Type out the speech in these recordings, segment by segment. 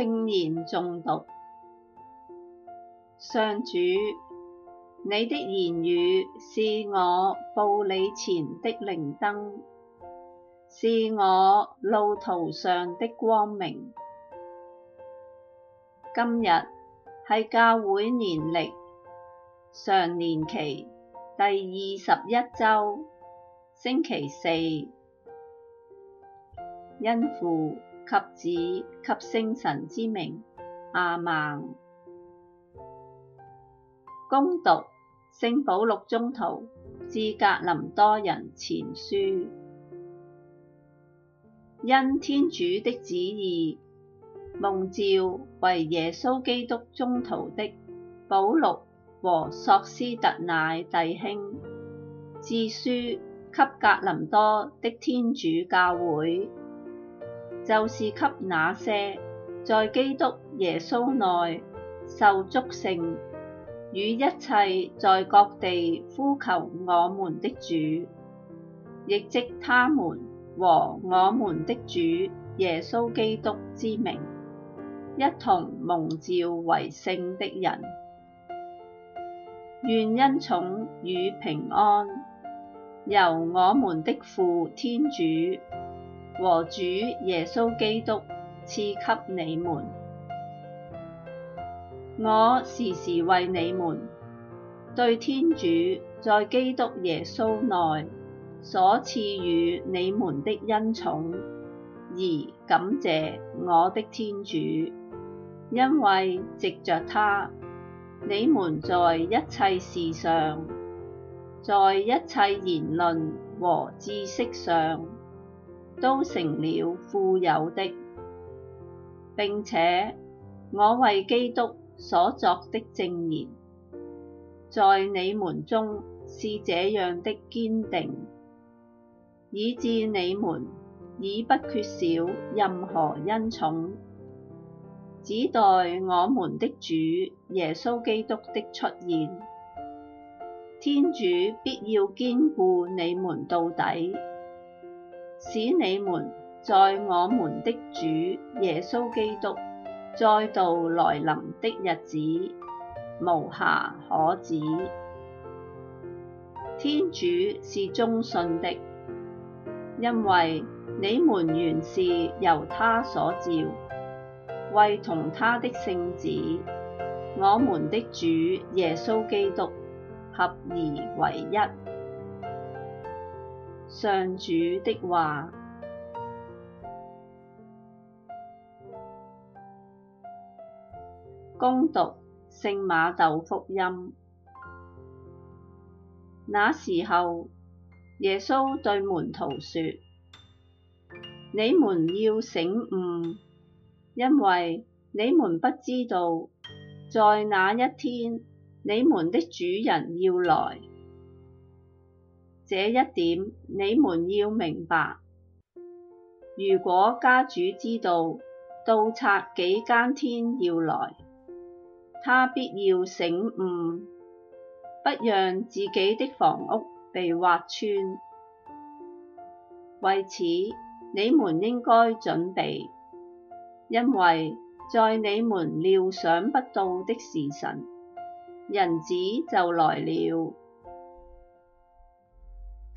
聖言誦讀。上主，你的言語是我步履前的靈燈，是我路途上的光明。今日係教會年曆常年期第二十一周星期四，因父。及子及聖神之名亞孟。恭讀《聖保祿宗徒》，致格林多人前書，因天主的旨意，蒙召為耶穌基督宗徒的保祿和索斯特乃弟兄，致書給格林多的天主教會。就是給那些在基督耶穌內受祝聖，與一切在各地呼求我們的主，亦即他們和我們的主耶穌基督之名，一同蒙召為聖的人，願恩寵與平安，由我們的父天主。和主耶穌基督賜給你們，我時時為你們對天主在基督耶穌內所賜予你們的恩寵而感謝我的天主，因為藉着他，你們在一切事上，在一切言論和知識上。都成了富有的，並且我為基督所作的證言，在你們中是這樣的堅定，以致你們已不缺少任何恩寵，只待我們的主耶穌基督的出現。天主必要堅固你們到底。使你們在我們的主耶穌基督再度來臨的日子，無瑕可指。天主是忠信的，因為你們原是由他所召，為同他的聖子，我們的主耶穌基督合而為一。上主的話，恭讀聖瑪竇福音。那時候，耶穌對門徒說：你們要醒寤，因為你們不知道，在那一天你們的主人要來。這一點你們要明白。如果家主知道盜賊幾更天要來，他必要醒寤，不讓自己的房屋被挖穿。為此，你們應該準備，因為在你們料想不到的時辰，人子就來了。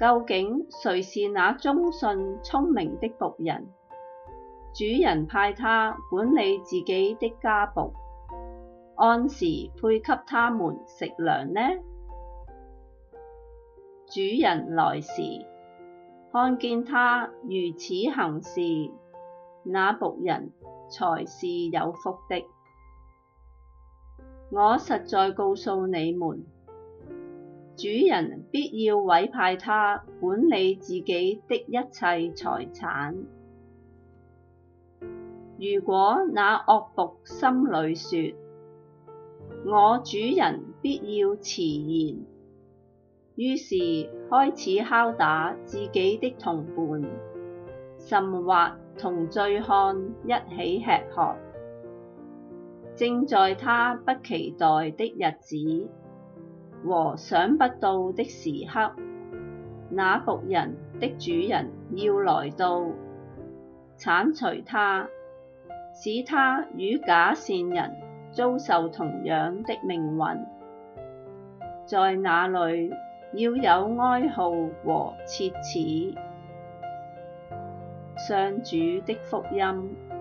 究竟誰是那忠信聰明的僕人，主人派他管理自己的家僕，按時配給他們食糧呢？主人來時，看見他如此行事，那僕人才是有福的。我實在告訴你們。主人必要委派他管理自己的一切財產。如果那惡僕心裏說，我主人必要遲延，於是開始拷打自己的同伴，甚或同醉漢一起吃喝。正在他不期待的日子，和想不到的時刻，那僕人的主人要來到，剷除他，使他與假善人遭受同樣的命運，在那裏要有哀號和切齒。—上主的福音。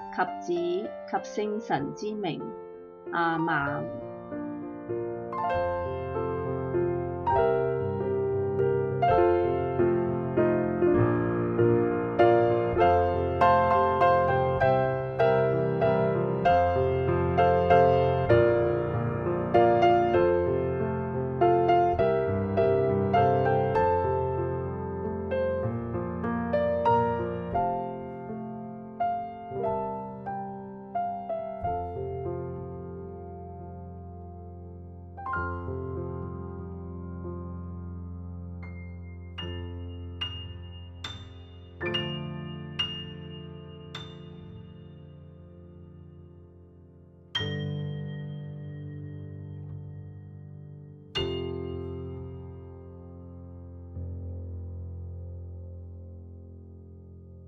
及子及聖神之名，阿嫲。